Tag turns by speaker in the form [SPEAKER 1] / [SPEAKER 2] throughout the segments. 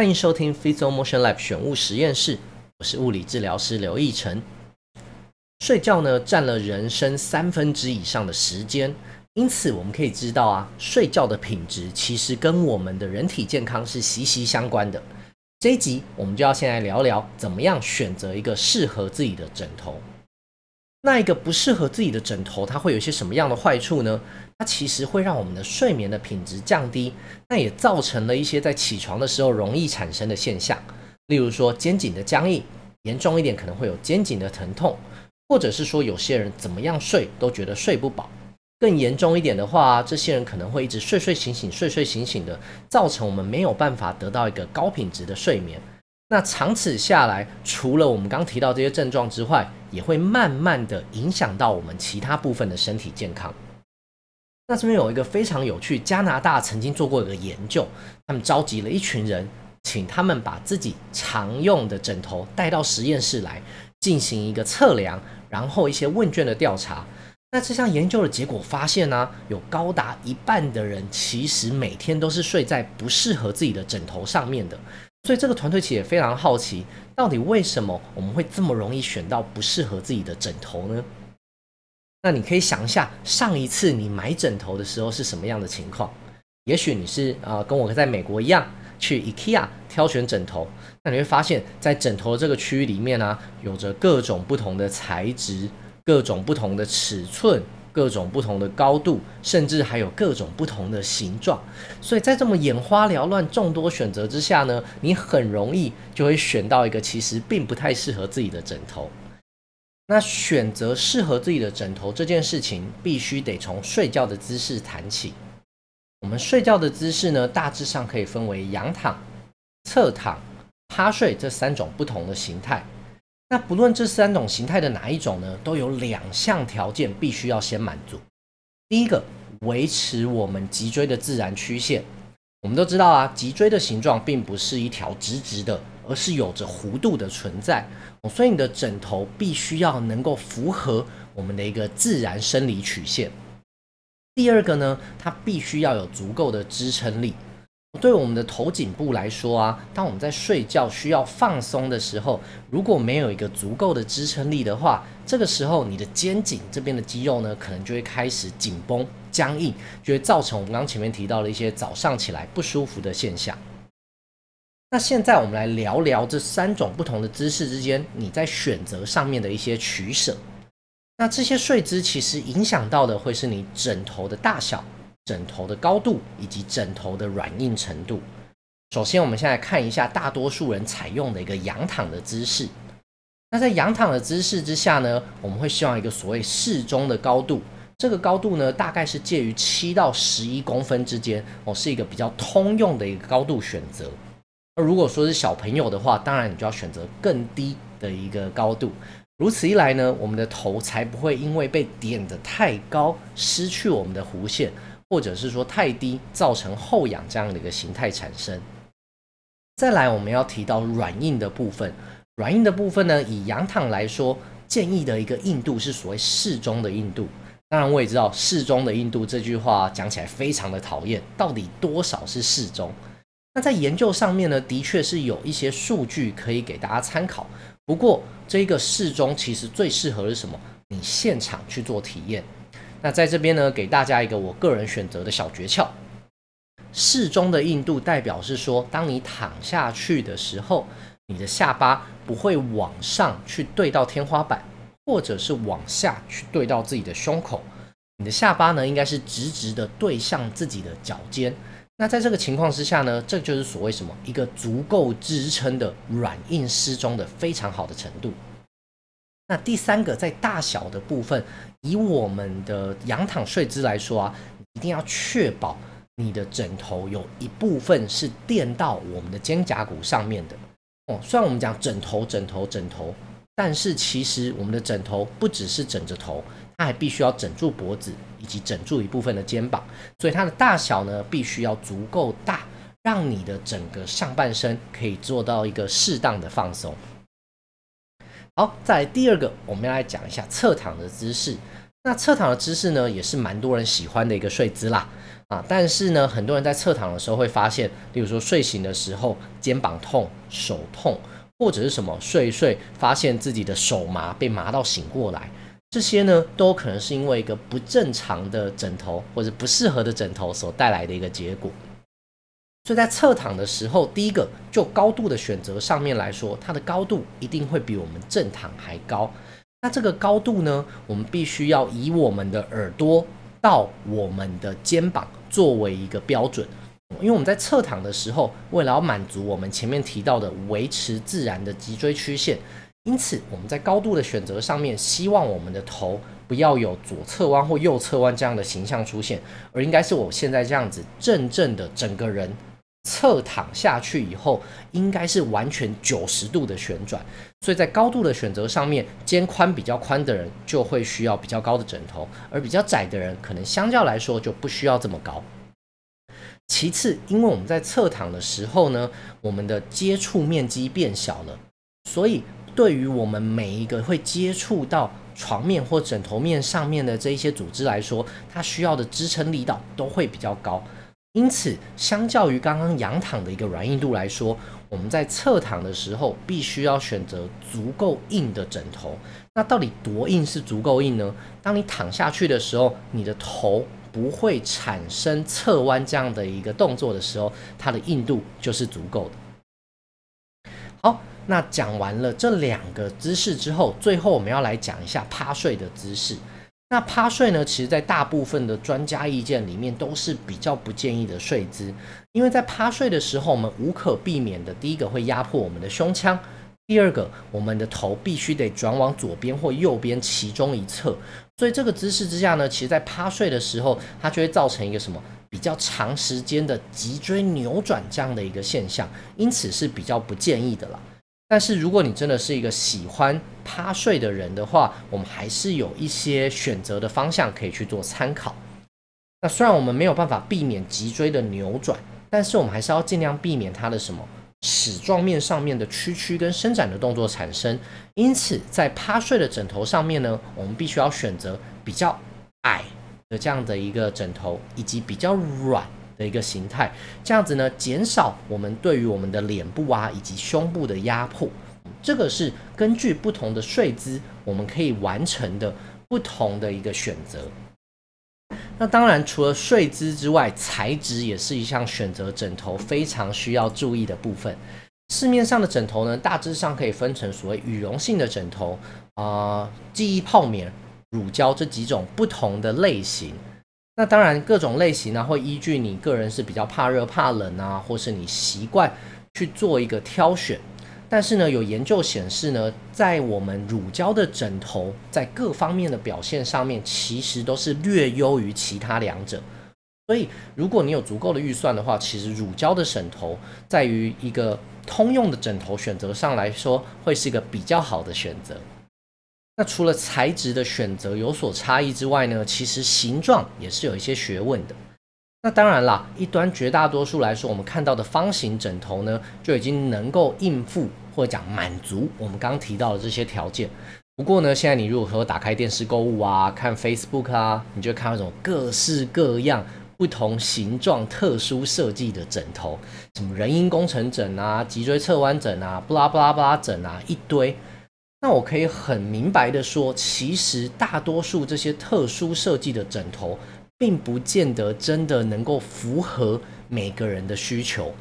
[SPEAKER 1] 歡迎收聽 Physio Motion Lab 選物實驗室，我是物理治療師劉義成。睡覺呢，佔了人生三分之一以上的時間，因此我們可以知道啊，睡覺的品質其實跟我們的人體健康是息息相關的。這一集我們就要先來聊聊，怎麼樣選擇，選擇一個適合自己的枕頭。那一個不適合自己的枕頭，它會有一些什麼樣的壞處呢？它其實會讓我們的睡眠的品質降低，那也造成了一些在起床的時候容易產生的現象，例如說肩頸的僵硬，嚴重一點可能會有肩頸的疼痛，或者是說有些人怎麼樣睡都覺得睡不飽，更嚴重一點的話，這些人可能會一直睡睡醒醒，睡睡醒醒的，造成我們沒有辦法得到一個高品質的睡眠。那長此下來，除了我們剛提到這些症狀之外，也會慢慢的影響到我們其他部分的身體健康。那這邊有一個非常有趣，加拿大曾經做過一個研究，他們召集了一群人，請他們把自己常用的枕頭帶到實驗室來，進行一個測量，然後一些問卷的調查。那這項研究的結果發現呢、啊，有高達一半的人其實每天都是睡在不適合自己的枕頭上面的。所以這個團隊其實也非常好奇，到底為什麼我們會這麼容易選到不適合自己的枕頭呢？那你可以想一下，上一次你買枕頭的時候是什麼樣的情況？也許你是啊、呃，跟我在美國一樣，去 IKEA 挑選枕頭。那你會發現，在枕頭這個區域裡面呢、啊，有着各種不同的材質，各種不同的尺寸。各種不同的高度，甚至還有各種不同的形狀，所以在這麼眼花繚亂、眾多選擇之下呢，你很容易就會選到一個其實並不太適合自己的枕頭。那選擇適合自己的枕頭這件事情，必須得從睡覺的姿勢談起。我們睡覺的姿勢呢，大致上可以分為仰躺、側躺、趴睡這三種不同的形態。那不論這三種形態的哪一種呢，都有兩項條件必須要先滿足。第一個，維持我們脊椎的自然曲線。我們都知道啊，脊椎的形狀並不是一條直直的，而是有着弧度的存在。所以你的枕頭必須要能夠符合我們的一個自然生理曲線。第二個呢，它必須要有足夠的支撐力。對我們的頭頸部來說啊，當我們在睡覺需要放鬆的時候，如果沒有一個足夠的支撐力的話，這個時候你的肩頸這邊的肌肉呢，可能就會開始緊繃、僵硬，就會造成我們剛前面提到的一些早上起來不舒服的現象。那現在我們來聊聊這三種不同的姿勢之間你在選擇上面的一些取捨。那這些睡姿其實影響到的會是你枕頭的大小。枕頭的高度以及枕頭的軟硬程度。首先，我們先來看一下大多數人採用的一個仰躺的姿勢。那在仰躺的姿勢之下呢，我們會希望一個所謂適中的高度。這個高度呢，大概是介於七到十一公分之間哦，是一個比較通用的一個高度選擇。那如果說是小朋友的話，當然你就要選擇更低的一個高度。如此一來呢，我們的頭才不會因為被墊得太高，失去我們的弧線。或者是說太低，造成後仰這樣的一個形態產生。再來，我們要提到軟硬的部分。軟硬的部分呢，以仰躺來說，建議的一個硬度是所謂適中的硬度。當然，我也知道“適中的硬度”這句話講起來非常的討厭。到底多少是適中？那在研究上面呢，的確是有一些數據可以給大家參考。不過，這個適中其實最適合的是什麼？你現場去做體驗。那在這邊呢，給大家一個我個人選擇的小訣竅，適中的硬度代表是說，當你躺下去的時候，你的下巴不會往上去對到天花板，或者是往下去對到自己的胸口，你的下巴呢應該是直直的對向自己的腳尖。那在這個情況之下呢，這個就是所謂什麼一個足夠支撐的軟硬適中的非常好的程度。那第三個，在大小的部分，以我們的仰躺睡姿來說啊，一定要確保你的枕頭有一部分是墊到我們的肩胛骨上面的。哦、嗯，雖然我們講枕頭、枕頭、枕頭，但是其實我們的枕頭不只是枕着頭，它還必須要枕住脖子以及枕住一部分的肩膀，所以它的大小呢，必須要足夠大，讓你的整個上半身可以做到一個適當的放鬆。好，再來第二個，我們要來講一下側躺的姿勢。那側躺的姿勢呢，也是蠻多人喜歡的一個睡姿啦，啊，但是呢，很多人在側躺的時候會發現，例如說睡醒的時候肩膀痛、手痛，或者是什麼睡睡發現自己的手麻，被麻到醒過來，這些呢，都可能是因為一個不正常的枕頭或者不適合的枕頭所帶來的一個結果。所以在側躺的時候，第一個就高度的選擇上面來說，它的高度一定會比我們正躺還高。那這個高度呢，我們必須要以我們的耳朵到我們的肩膀作為一個標準，因為我們在側躺的時候，為了要滿足我們前面提到的維持自然的脊椎曲線，因此我們在高度的選擇上面，希望我們的頭不要有左側彎或右側彎這樣的形象出現，而應該是我現在這樣子，正正的整個人。側躺下去以後，應該是完全九十度的旋轉，所以在高度的選擇上面，肩寬比較寬的人就會需要比較高的枕頭，而比較窄的人可能相較來說就不需要這麼高。其次，因為我們在側躺的時候呢，我們的接觸面積變小了，所以對於我們每一個會接觸到床面或枕頭面上面的這一些組織來說，它需要的支撐力道都會比較高。因此，相較於剛剛仰躺的一個軟硬度來說，我們在側躺的時候，必須要選擇足夠硬的枕頭。那到底多硬是足夠硬呢？當你躺下去的時候，你的頭不會產生側彎這樣的一個動作的時候，它的硬度就是足夠的。好，那講完了這兩個姿勢之後，最後我們要來講一下趴睡的姿勢。那趴睡呢？其實，在大部分的專家意見裡面，都是比較不建議的睡姿，因為在趴睡的時候，我們無可避免的，第一個會壓迫我們的胸腔，第二個，我們的頭必須得轉往左邊或右邊其中一側，所以這個姿勢之下呢，其實，在趴睡的時候，它就會造成一個什麼比較長時間的脊椎扭轉這樣的一個現象，因此是比較不建議的了。但是如果你真的是一個喜歡趴睡的人的話，我們還是有一些選擇的方向可以去做參考。那雖然我們沒有辦法避免脊椎的扭轉，但是我們還是要盡量避免它的什麼矢狀面上面的屈曲、曲跟伸展的動作產生。因此，在趴睡的枕頭上面呢，我們必須要選擇比較矮的這樣的一個枕頭，以及比較軟。的一個形態，這樣子呢，減少我們對於我們的臉部啊，以及胸部的壓迫。嗯，這個是根據不同的睡姿，我們可以完成的不同的一個選擇。那當然，除了睡姿之外，材質也是一項選擇枕頭非常需要注意的部分。市面上的枕頭呢，大致上可以分成所謂羽絨性的枕頭啊，呃，記憶泡棉、乳膠這幾種不同的類型。那當然，各種類型呢，會依據你個人是比較怕熱、怕冷啊，或是你習慣去做一個挑選。但是呢，有研究顯示呢，在我們乳膠的枕頭在各方面的表現上面，其實都是略優於其他兩者。所以，如果你有足夠的預算的話，其實乳膠的枕頭，在於一個通用的枕頭選擇上來說，會是一個比較好的選擇。那除了材質的選擇有所差異之外呢，其實形狀也是有一些學問的。那當然啦，一端絕大多數來說，我們看到的方形枕頭呢，就已經能夠應付或者講滿足我們剛剛提到的這些條件。不過呢，現在你如果說打開電視購物啊，看 Facebook 啊，你就看那種各式各樣、不同形狀、特殊設計的枕頭，什麼人因工程枕啊，脊椎側彎枕啊，布拉布拉布拉枕啊，一堆。那我可以很明白的說，其實大多數這些特殊設計的枕頭，並不見得真的能夠符合每個人的需求。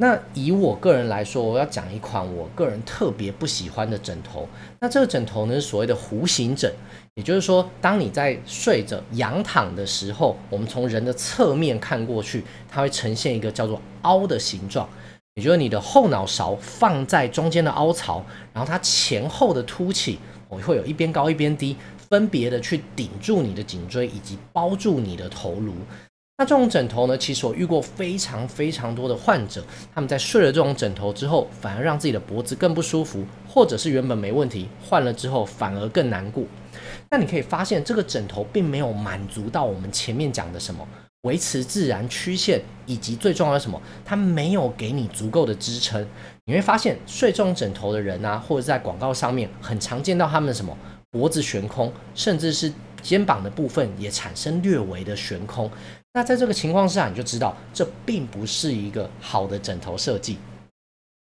[SPEAKER 1] 那以我個人來說，我要講一款我個人特別不喜歡的枕頭。那這個枕頭呢，是所謂的弧形枕，也就是說，當你在睡着仰躺的時候，我們從人的側面看過去，它會呈現一個叫做凹的形狀。也就是你的後腦勺放在中間的凹槽，然後它前後的凸起，會有一邊高一邊低，分別的去頂住你的頸椎以及包住你的頭顱。那這種枕頭呢，其實我遇過非常非常多的患者，他們在睡了這種枕頭之後，反而讓自己的脖子更不舒服，或者是原本沒問題，換了之後反而更難過。那你可以發現，這個枕頭並沒有滿足到我們前面講的什麼。維持自然曲線，以及最重要的是什麼？它沒有給你足夠的支撐。你會發現睡這種枕頭的人啊，或者在廣告上面很常見到他們什麼脖子懸空，甚至是肩膀的部分也產生略微的懸空。那在這個情況下，你就知道這並不是一個好的枕頭設計。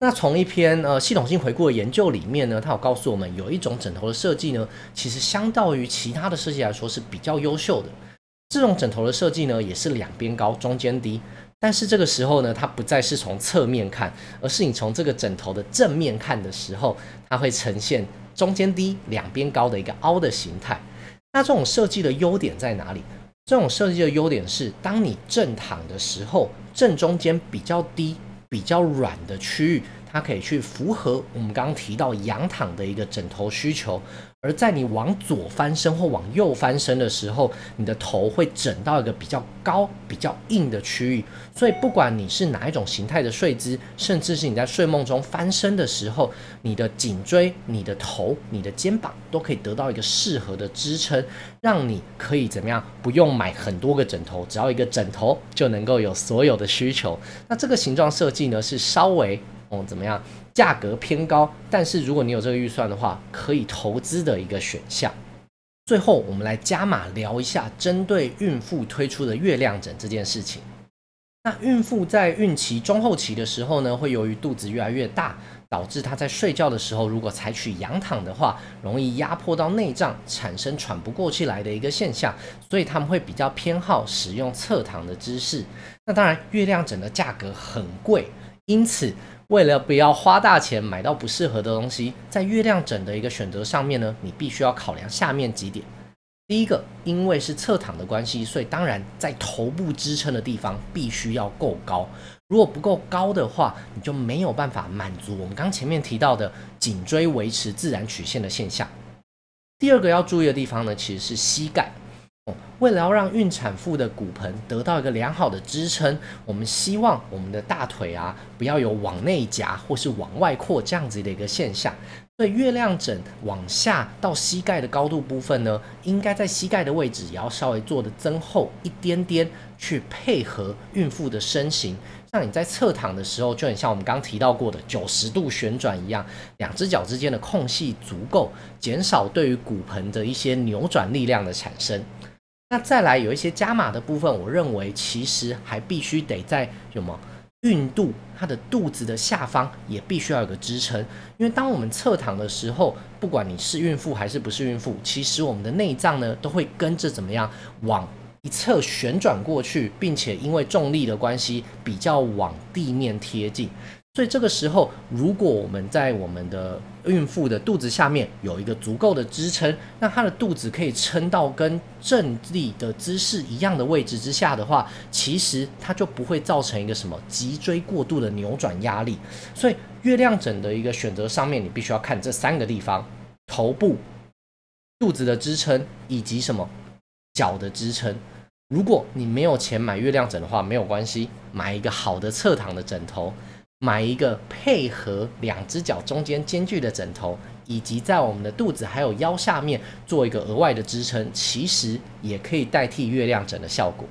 [SPEAKER 1] 那從一篇呃系統性回顧的研究裡面呢，它有告訴我們，有一種枕頭的設計呢，其實相對於其他的設計來說是比較優秀的。這種枕頭的設計呢，也是兩邊高、中間低。但是這個時候呢，它不再是從側面看，而是你從這個枕頭的正面看的時候，它會呈現中間低、兩邊高的一個凹的形態。那這種設計的優點在哪裡？這種設計的優點是，當你正躺的時候，正中間比較低、比較軟的區域，它可以去符合我們剛剛提到仰躺的一個枕頭需求。而在你往左翻身或往右翻身的時候，你的頭會枕到一個比較高、比較硬的區域。所以，不管你是哪一種形態的睡姿，甚至是你在睡夢中翻身的時候，你的頸椎、你的頭、你的肩膀都可以得到一個適合的支撐，讓你可以怎麼樣？不用買很多個枕頭，只要一個枕頭就能夠有所有的需求。那這個形狀設計呢，是稍微……嗯，怎麼樣？價格偏高，但是如果你有這個預算的話，可以投資的一個選項。最後，我們來加碼聊一下針對孕婦推出的月亮枕這件事情。那孕婦在孕期中後期的時候呢，會由於肚子越來越大，導致她在睡覺的時候，如果採取仰躺的話，容易壓迫到內臟，產生喘不過氣來的一個現象，所以他們會比較偏好使用側躺的姿勢。那當然，月亮枕的價格很貴，因此，為了不要花大錢買到不適合的東西，在月亮枕的一個選擇上面呢，你必須要考量下面幾點。第一個，因為是側躺的關係，所以當然在頭部支撐的地方必須要夠高。如果不夠高的話，你就沒有辦法滿足我們剛前面提到的頸椎維持自然曲線的現象。第二個要注意的地方呢，其實是膝蓋。為了要讓孕產婦的骨盆得到一個良好的支撐，我們希望我們的大腿啊不要有往內夾或是往外擴這樣子的一個現象。所以月亮枕往下到膝蓋的高度部分呢，應該在膝蓋的位置也要稍微做得增厚一點點，去配合孕婦的身形。像你在側躺的時候，就很像我們剛剛提到過的九十度旋轉一樣，兩隻腳之間的空隙足夠，減少對於骨盆的一些扭轉力量的產生。那再來有一些加碼的部分，我認為其實還必須得在什麼，孕肚，它的肚子的下方也必須要有個支撐，因為當我們側躺的時候，不管你是孕婦還是不是孕婦，其實我們的內臟呢都會跟着怎麼樣往一側旋轉過去，並且因為重力的關係，比較往地面貼近。所以這個時候，如果我們在我們的孕婦的肚子下面有一個足夠的支撐，那她的肚子可以撐到跟正立的姿勢一樣的位置之下的話，其實它就不會造成一個什麼脊椎過度的扭轉壓力。所以月亮枕的一個選擇上面，你必須要看這三個地方：頭部、肚子的支撐以及什麼腳的支撐。如果你沒有錢買月亮枕的話，沒有關係，買一個好的側躺的枕頭。買一個配合兩隻腳中間間距的枕頭，以及在我們的肚子還有腰下面做一個額外的支撐，其實也可以代替月亮枕的效果。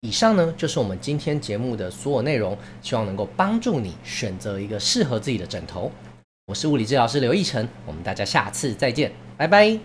[SPEAKER 1] 以上呢，就是我們今天節目的所有內容，希望能夠幫助你選擇一個適合自己的枕頭。我是物理治療師劉義成，我們大家下次再見，拜拜。